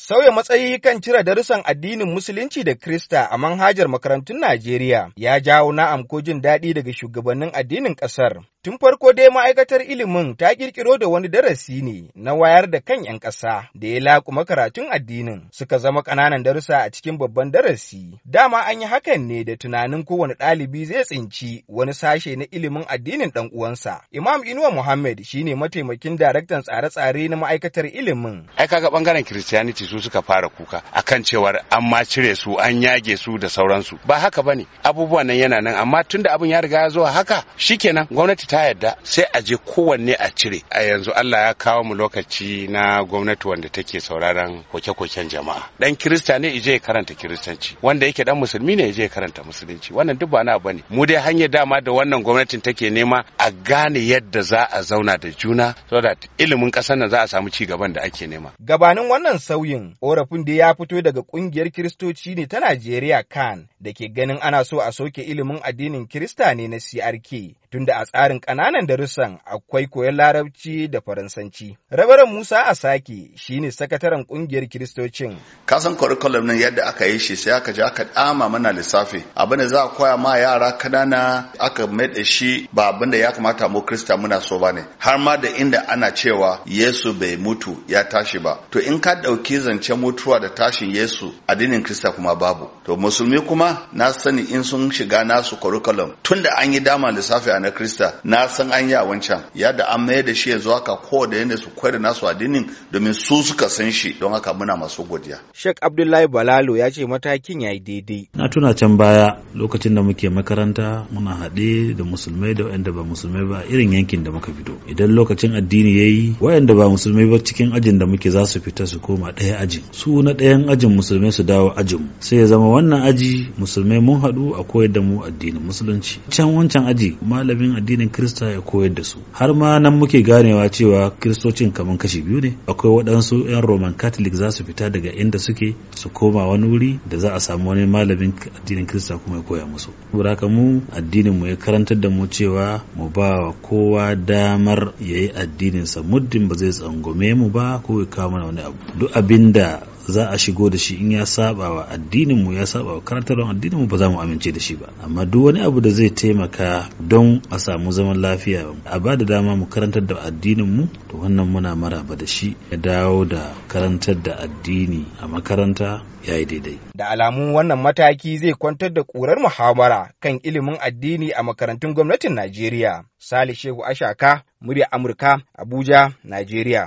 Sauya matsayi kan cire darussan addinin Musulunci da Krista a manhajar makarantun Najeriya ya jawo na'am ko jin daɗi daga shugabannin addinin ƙasar, Tun farko dai ma'aikatar ilimin ta ƙirƙiro da wani darasi ne na wayar da kan 'yan ƙasa da ya laƙuma karatun addinin suka zama ƙananan darussa a cikin babban darasi. Dama an yi hakan ne da tunanin kowane ɗalibi zai tsinci wani sashe na ilimin addinin ɗan uwansa. Imam Inuwa Muhammad shi ne mataimakin daraktan tsare-tsare na ma'aikatar ilimin. Ai kaga ɓangaren kiristiyaniti su suka fara kuka akan cewar an ma cire su an yage su da sauransu. Ba haka ba ne, abubuwan nan yana nan amma tunda abin ya riga ya zo haka shikenan gwamnati ta yarda sai a je kowanne a cire a yanzu Allah ya kawo mu lokaci na gwamnati wanda take sauraron koke-koken jama'a dan kirista ne ije ya karanta kiristanci wanda yake dan musulmi ne ije ya karanta musulunci wannan duk ba na bane mu dai hanya dama da wannan gwamnatin take nema a gane yadda za a zauna da juna saboda ilimin kasar nan za a samu ci gaban da ake nema gabanin wannan sauyin korafin da ya fito daga kungiyar kiristoci ne ta Najeriya kan da ke ganin ana so a soke ilimin addinin kirista ne na CRK tunda a tsarin ƙananan darussan akwai koyon larabci da faransanci. Rabaran Musa sake shi ne sakataren ƙungiyar Kiristocin. Kasan curriculum nan yadda aka yi shi sai aka je aka ɗama mana lissafi. Abin da za a koya ma yara ƙanana aka maida shi ba abin da ya kamata mu Kirista muna so ba ne. Har ma da inda ana cewa Yesu bai mutu ya tashi ba. To in ka ɗauki zance mutuwa da tashin Yesu addinin Kirista kuma babu. To musulmi kuma na sani in sun shiga nasu curriculum tun da an yi dama lissafi a na Kirista na san an yi a wancan da an mayar da shi yanzu haka ko da yadda su koyar da nasu addinin domin su suka san shi don haka muna masu godiya Sheikh Abdullahi Balalo ya ce matakin ya yayi daidai na tuna can baya lokacin da muke makaranta muna haɗe da musulmai da waɗanda ba musulmai ba irin yankin da muka fito idan lokacin addini yayi waɗanda ba musulmai ba cikin ajin da muke za su fita su koma ɗaya ajin su na ɗayan ajin musulmai su dawo ajin sai ya zama wannan aji musulmai mun haɗu a koyar da mu addinin musulunci can wancan aji malamin addinin Kirista ya koyar da su. Har ma nan muke ganewa cewa Kiristocin kamar kashi biyu ne. Akwai waɗansu 'yan Roman Catholic za su fita daga inda suke su koma wani wuri da za a samu wani malamin addinin Kirista kuma ya koya musu. Saboda haka mu addinin mu ya karantar da mu cewa mu ba wa kowa damar ya yi addininsa muddin ba zai tsangwame mu ba ko ya kawo mana wani abu. Duk abin da za a shigo da shi in ya saba wa addinin mu ya saba wa karantar addinin mu ba za mu amince da shi ba amma duk wani abu da zai taimaka don a samu zaman lafiya a ba da dama mu karantar da addinin mu to wannan muna maraba da shi ya dawo da karantar da addini a makaranta ya yi daidai da alamu wannan mataki zai kwantar da ƙurar muhawara kan ilimin addini a makarantun gwamnatin Najeriya Salih Shehu Ashaka murya Amurka Abuja Najeriya